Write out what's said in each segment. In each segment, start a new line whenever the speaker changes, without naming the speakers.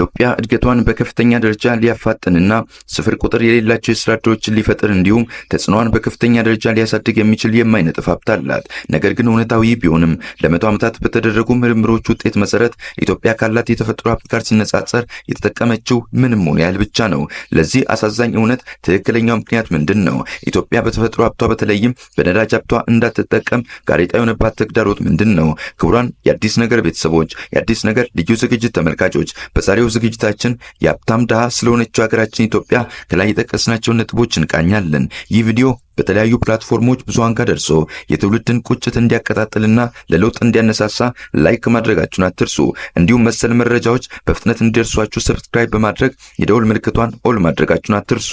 éxito ኢትዮጵያ እድገቷን በከፍተኛ ደረጃ ሊያፋጥንና ስፍር ቁጥር የሌላቸው የስራ እድሎችን ሊፈጥር እንዲሁም ተጽዕኖዋን በከፍተኛ ደረጃ ሊያሳድግ የሚችል የማይነጥፍ ሀብት አላት። ነገር ግን እውነታዊ ቢሆንም ለመቶ ዓመታት በተደረጉ ምርምሮች ውጤት መሰረት ኢትዮጵያ ካላት የተፈጥሮ ሀብት ጋር ሲነጻጸር የተጠቀመችው ምንም ሆነ ያህል ብቻ ነው። ለዚህ አሳዛኝ እውነት ትክክለኛው ምክንያት ምንድን ነው? ኢትዮጵያ በተፈጥሮ ሀብቷ በተለይም በነዳጅ ሀብቷ እንዳትጠቀም ጋሬጣ የሆነባት ተግዳሮት ምንድን ነው? ክቡራን የአዲስ ነገር ቤተሰቦች፣ የአዲስ ነገር ልዩ ዝግጅት ተመልካቾች በዛሬው ዝግጅት ዝግጅታችን የሀብታም ድሃ ስለሆነችው ሀገራችን ኢትዮጵያ ከላይ የጠቀስናቸውን ነጥቦች እንቃኛለን። ይህ ቪዲዮ በተለያዩ ፕላትፎርሞች ብዙሃን ጋር ደርሶ የትውልድን ቁጭት እንዲያቀጣጥልና ለለውጥ እንዲያነሳሳ ላይክ ማድረጋችሁን አትርሱ። እንዲሁም መሰል መረጃዎች በፍጥነት እንዲደርሷችሁ ሰብስክራይብ በማድረግ የደውል ምልክቷን ኦል ማድረጋችሁን አትርሱ።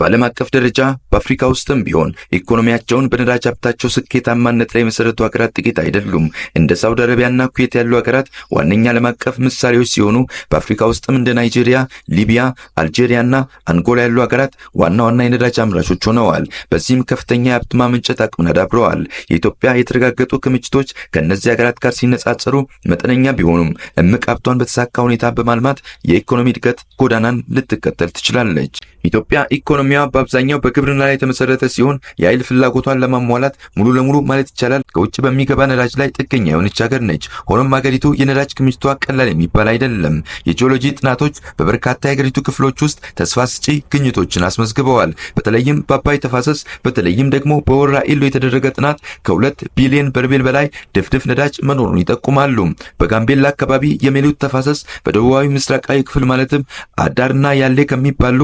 በዓለም አቀፍ ደረጃ በአፍሪካ ውስጥም ቢሆን ኢኮኖሚያቸውን በነዳጅ ሀብታቸው ስኬታማነት ላይ የመሰረቱ ሀገራት ጥቂት አይደሉም። እንደ ሳውዲ አረቢያና ኩዌት ያሉ ሀገራት ዋነኛ ዓለም አቀፍ ምሳሌዎች ሲሆኑ በአፍሪካ ውስጥም እንደ ናይጄሪያ፣ ሊቢያ፣ አልጄሪያና አንጎላ ያሉ ሀገራት ዋና ዋና የነዳጅ አምራቾች ሆነዋል። በዚህም ከፍተኛ የሀብት ማመንጨት አቅምን አዳብረዋል። የኢትዮጵያ የተረጋገጡ ክምችቶች ከእነዚህ ሀገራት ጋር ሲነጻጸሩ መጠነኛ ቢሆኑም እምቅ ሀብቷን በተሳካ ሁኔታ በማልማት የኢኮኖሚ እድገት ጎዳናን ልትከተል ትችላለች። ኢትዮጵያ ኢኮኖሚዋ በአብዛኛው በግብርና ላይ የተመሰረተ ሲሆን የኃይል ፍላጎቷን ለማሟላት ሙሉ ለሙሉ ማለት ይቻላል ከውጭ በሚገባ ነዳጅ ላይ ጥገኛ የሆነች ሀገር ነች። ሆኖም ሀገሪቱ የነዳጅ ክምችቷ ቀላል የሚባል አይደለም። የጂኦሎጂ ጥናቶች በበርካታ የሀገሪቱ ክፍሎች ውስጥ ተስፋ ስጪ ግኝቶችን አስመዝግበዋል። በተለይም በአባይ ተፋሰስ በተለይም ደግሞ በወራ ኢሎ የተደረገ ጥናት ከሁለት ቢሊዮን በርሜል በላይ ድፍድፍ ነዳጅ መኖሩን ይጠቁማሉ። በጋምቤላ አካባቢ የሜሉት ተፋሰስ በደቡባዊ ምስራቃዊ ክፍል ማለትም አዳርና ያሌ ከሚባሉ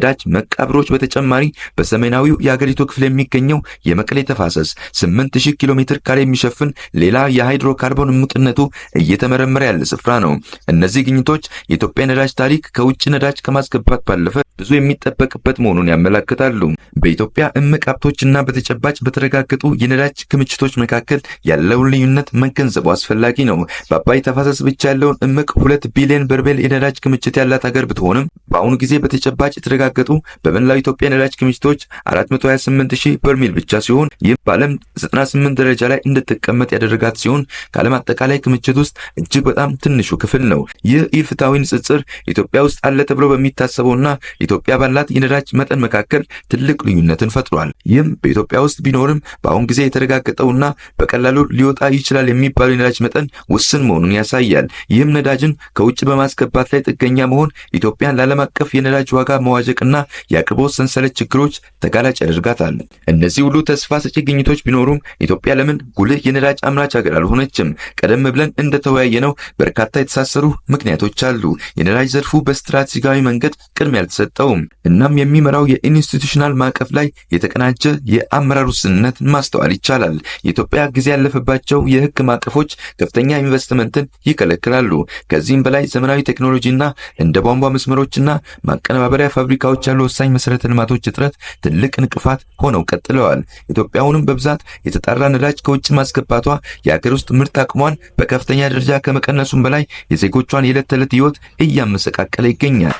ከነዳጅ መቃብሮች በተጨማሪ በሰሜናዊው የአገሪቱ ክፍል የሚገኘው የመቀሌ ተፋሰስ 8000 ኪሎ ሜትር ካሬ የሚሸፍን ሌላ የሃይድሮካርቦን እምቅነቱ እየተመረመረ ያለ ስፍራ ነው። እነዚህ ግኝቶች የኢትዮጵያ ነዳጅ ታሪክ ከውጭ ነዳጅ ከማስገባት ባለፈ ብዙ የሚጠበቅበት መሆኑን ያመለክታሉ። በኢትዮጵያ እምቅ ሀብቶችና በተጨባጭ በተረጋገጡ የነዳጅ ክምችቶች መካከል ያለውን ልዩነት መገንዘቡ አስፈላጊ ነው። በአባይ ተፋሰስ ብቻ ያለውን እምቅ ሁለት ቢሊዮን በርሜል የነዳጅ ክምችት ያላት ሀገር ብትሆንም በአሁኑ ጊዜ በተጨባጭ የተረጋ ሲያረጋግጡ በመላው ኢትዮጵያ ነዳጅ ክምችቶች 428 ሺህ በርሜል ብቻ ሲሆን ይህም በዓለም 98 ደረጃ ላይ እንድትቀመጥ ያደረጋት ሲሆን ከዓለም አጠቃላይ ክምችት ውስጥ እጅግ በጣም ትንሹ ክፍል ነው። ይህ ኢፍትሐዊ ንጽጽር ኢትዮጵያ ውስጥ አለ ተብሎ በሚታሰበውና ኢትዮጵያ ባላት የነዳጅ መጠን መካከል ትልቅ ልዩነትን ፈጥሯል። ይህም በኢትዮጵያ ውስጥ ቢኖርም በአሁን ጊዜ የተረጋገጠውና በቀላሉ ሊወጣ ይችላል የሚባለው የነዳጅ መጠን ውስን መሆኑን ያሳያል። ይህም ነዳጅን ከውጭ በማስገባት ላይ ጥገኛ መሆን ኢትዮጵያን ለዓለም አቀፍ የነዳጅ ዋጋ መዋዠቅ መውደቅና የአቅርቦት ሰንሰለት ችግሮች ተጋላጭ ያደርጋታል። እነዚህ ሁሉ ተስፋ ሰጪ ግኝቶች ቢኖሩም ኢትዮጵያ ለምን ጉልህ የነዳጅ አምራች ሀገር አልሆነችም? ቀደም ብለን እንደተወያየ ነው በርካታ የተሳሰሩ ምክንያቶች አሉ። የነዳጅ ዘርፉ በስትራቴጂካዊ መንገድ ቅድሚያ አልተሰጠውም። እናም የሚመራው የኢንስቲቱሽናል ማዕቀፍ ላይ የተቀናጀ የአመራር ውስንነት ማስተዋል ይቻላል። የኢትዮጵያ ጊዜ ያለፈባቸው የህግ ማዕቀፎች ከፍተኛ ኢንቨስትመንትን ይከለክላሉ። ከዚህም በላይ ዘመናዊ ቴክኖሎጂና እንደ ቧንቧ መስመሮችና ማቀነባበሪያ ፋብሪካ ቦታዎች ያሉ ወሳኝ መሰረተ ልማቶች እጥረት ትልቅ እንቅፋት ሆነው ቀጥለዋል። ኢትዮጵያውንም በብዛት የተጣራ ነዳጅ ከውጭ ማስገባቷ የሀገር ውስጥ ምርት አቅሟን በከፍተኛ ደረጃ ከመቀነሱም በላይ የዜጎቿን የዕለት ተዕለት ህይወት እያመሰቃቀለ ይገኛል።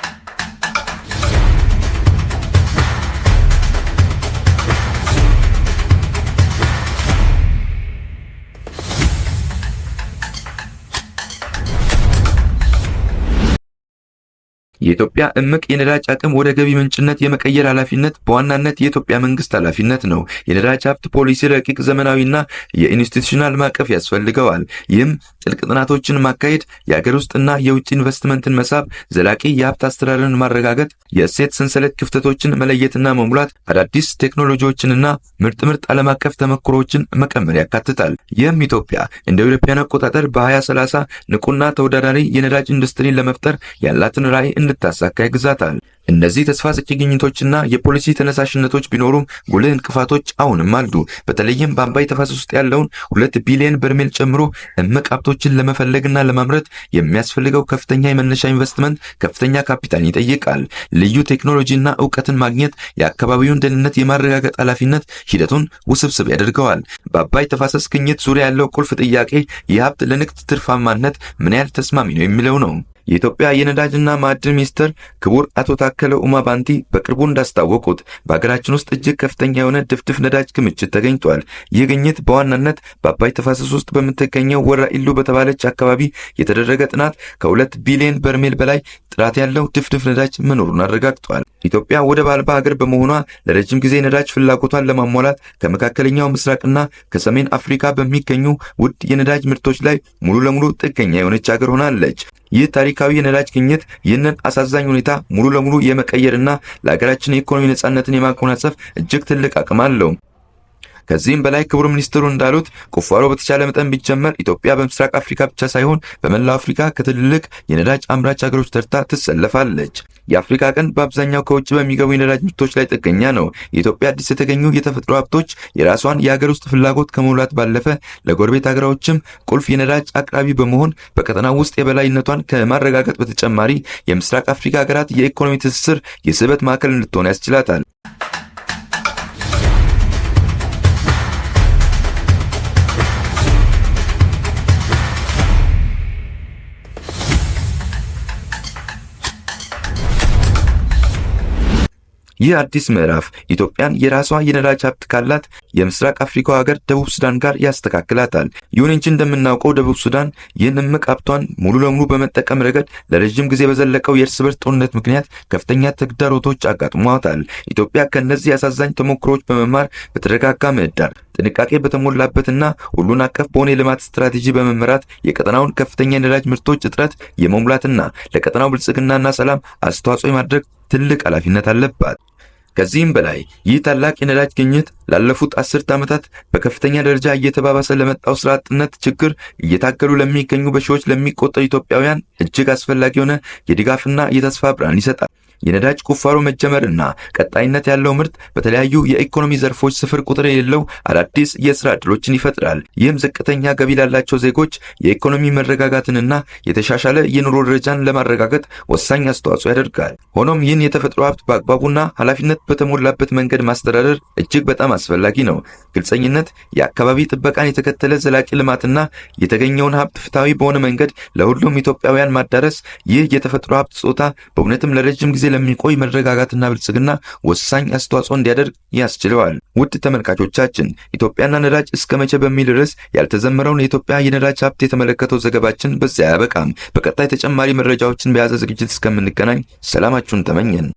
የኢትዮጵያ እምቅ የነዳጅ አቅም ወደ ገቢ ምንጭነት የመቀየር ኃላፊነት በዋናነት የኢትዮጵያ መንግስት ኃላፊነት ነው። የነዳጅ ሀብት ፖሊሲ ረቂቅ ዘመናዊና የኢንስቲቱሽናል ማዕቀፍ ያስፈልገዋል። ይህም ጥልቅ ጥናቶችን ማካሄድ፣ የአገር ውስጥና የውጭ ኢንቨስትመንትን መሳብ፣ ዘላቂ የሀብት አስተዳደርን ማረጋገጥ፣ የእሴት ሰንሰለት ክፍተቶችን መለየትና መሙላት፣ አዳዲስ ቴክኖሎጂዎችንና ምርጥ ምርጥ ዓለም አቀፍ ተመክሮዎችን መቀመር ያካትታል። ይህም ኢትዮጵያ እንደ አውሮፓውያን አቆጣጠር በ2030 ንቁና ተወዳዳሪ የነዳጅ ኢንዱስትሪን ለመፍጠር ያላትን ራዕይ ልታሳካ ይግዛታል። እነዚህ ተስፋ ሰጪ ግኝቶችና የፖሊሲ ተነሳሽነቶች ቢኖሩም ጉልህ እንቅፋቶች አሁንም አሉ። በተለይም በአባይ ተፋሰስ ውስጥ ያለውን ሁለት ቢሊዮን በርሜል ጨምሮ እምቅ ሀብቶችን ለመፈለግና ለማምረት የሚያስፈልገው ከፍተኛ የመነሻ ኢንቨስትመንት ከፍተኛ ካፒታል ይጠይቃል። ልዩ ቴክኖሎጂና እውቀትን ማግኘት የአካባቢውን ደህንነት የማረጋገጥ ኃላፊነት ሂደቱን ውስብስብ ያደርገዋል። በአባይ ተፋሰስ ግኝት ዙሪያ ያለው ቁልፍ ጥያቄ የሀብት ለንግድ ትርፋማነት ምን ያህል ተስማሚ ነው የሚለው ነው። የኢትዮጵያ የነዳጅና ማዕድን ሚኒስትር ክቡር አቶ ታከለ ኡማ ባንቲ በቅርቡ እንዳስታወቁት በሀገራችን ውስጥ እጅግ ከፍተኛ የሆነ ድፍድፍ ነዳጅ ክምችት ተገኝቷል። ይህ ግኝት በዋናነት በአባይ ተፋሰስ ውስጥ በምትገኘው ወራ ኢሉ በተባለች አካባቢ የተደረገ ጥናት ከሁለት ቢሊዮን በርሜል በላይ ጥራት ያለው ድፍድፍ ነዳጅ መኖሩን አረጋግጧል። ኢትዮጵያ ወደብ አልባ ሀገር በመሆኗ ለረጅም ጊዜ ነዳጅ ፍላጎቷን ለማሟላት ከመካከለኛው ምስራቅና ከሰሜን አፍሪካ በሚገኙ ውድ የነዳጅ ምርቶች ላይ ሙሉ ለሙሉ ጥገኛ የሆነች ሀገር ሆናለች። ይህ ታሪካዊ የነዳጅ ግኝት ይህንን አሳዛኝ ሁኔታ ሙሉ ለሙሉ የመቀየርና ለሀገራችን የኢኮኖሚ ነጻነትን የማጎናጸፍ እጅግ ትልቅ አቅም አለው። ከዚህም በላይ ክቡር ሚኒስትሩ እንዳሉት ቁፋሮ በተቻለ መጠን ቢጀመር ኢትዮጵያ በምስራቅ አፍሪካ ብቻ ሳይሆን በመላው አፍሪካ ከትልልቅ የነዳጅ አምራች ሀገሮች ተርታ ትሰለፋለች። የአፍሪካ ቀንድ በአብዛኛው ከውጭ በሚገቡ የነዳጅ ምርቶች ላይ ጥገኛ ነው። የኢትዮጵያ አዲስ የተገኙ የተፈጥሮ ሀብቶች የራሷን የሀገር ውስጥ ፍላጎት ከመውላት ባለፈ ለጎረቤት ሀገራዎችም ቁልፍ የነዳጅ አቅራቢ በመሆን በቀጠናው ውስጥ የበላይነቷን ከማረጋገጥ በተጨማሪ የምስራቅ አፍሪካ ሀገራት የኢኮኖሚ ትስስር የስበት ማዕከል እንድትሆን ያስችላታል። ይህ አዲስ ምዕራፍ ኢትዮጵያን የራሷ የነዳጅ ሀብት ካላት የምስራቅ አፍሪካው ሀገር ደቡብ ሱዳን ጋር ያስተካክላታል። ይሁን እንጂ እንደምናውቀው ደቡብ ሱዳን ይህን እምቅ ሀብቷን ሙሉ ለሙሉ በመጠቀም ረገድ ለረዥም ጊዜ በዘለቀው የእርስ በርስ ጦርነት ምክንያት ከፍተኛ ተግዳሮቶች አጋጥሟታል። ኢትዮጵያ ከእነዚህ አሳዛኝ ተሞክሮዎች በመማር በተረጋጋ ምህዳር ጥንቃቄ በተሞላበትና ሁሉን አቀፍ በሆነ የልማት ስትራቴጂ በመመራት የቀጠናውን ከፍተኛ የነዳጅ ምርቶች እጥረት የመሙላትና ለቀጠናው ብልጽግናና ሰላም አስተዋጽኦ የማድረግ ትልቅ ኃላፊነት አለባት። ከዚህም በላይ ይህ ታላቅ የነዳጅ ግኝት ላለፉት አስርት ዓመታት በከፍተኛ ደረጃ እየተባባሰ ለመጣው ስራ አጥነት ችግር እየታገሉ ለሚገኙ በሺዎች ለሚቆጠሩ ኢትዮጵያውያን እጅግ አስፈላጊ የሆነ የድጋፍና የተስፋ ብርሃን ይሰጣል። የነዳጅ ቁፋሮ መጀመርና ቀጣይነት ያለው ምርት በተለያዩ የኢኮኖሚ ዘርፎች ስፍር ቁጥር የሌለው አዳዲስ የስራ ዕድሎችን ይፈጥራል። ይህም ዝቅተኛ ገቢ ላላቸው ዜጎች የኢኮኖሚ መረጋጋትንና የተሻሻለ የኑሮ ደረጃን ለማረጋገጥ ወሳኝ አስተዋጽኦ ያደርጋል። ሆኖም ይህን የተፈጥሮ ሀብት በአግባቡና ኃላፊነት በተሞላበት መንገድ ማስተዳደር እጅግ በጣም አስፈላጊ ነው። ግልጸኝነት፣ የአካባቢ ጥበቃን የተከተለ ዘላቂ ልማትና የተገኘውን ሀብት ፍትሐዊ በሆነ መንገድ ለሁሉም ኢትዮጵያውያን ማዳረስ ይህ የተፈጥሮ ሀብት ጾታ በእውነትም ለረጅም ጊዜ ለሚቆይ መረጋጋትና ብልጽግና ወሳኝ አስተዋጽኦ እንዲያደርግ ያስችለዋል። ውድ ተመልካቾቻችን ኢትዮጵያና ነዳጅ እስከ መቼ በሚል ርዕስ ያልተዘመረውን የኢትዮጵያ የነዳጅ ሀብት የተመለከተው ዘገባችን በዚያ አያበቃም በቀጣይ ተጨማሪ መረጃዎችን በያዘ ዝግጅት እስከምንገናኝ ሰላማችሁን ተመኘን።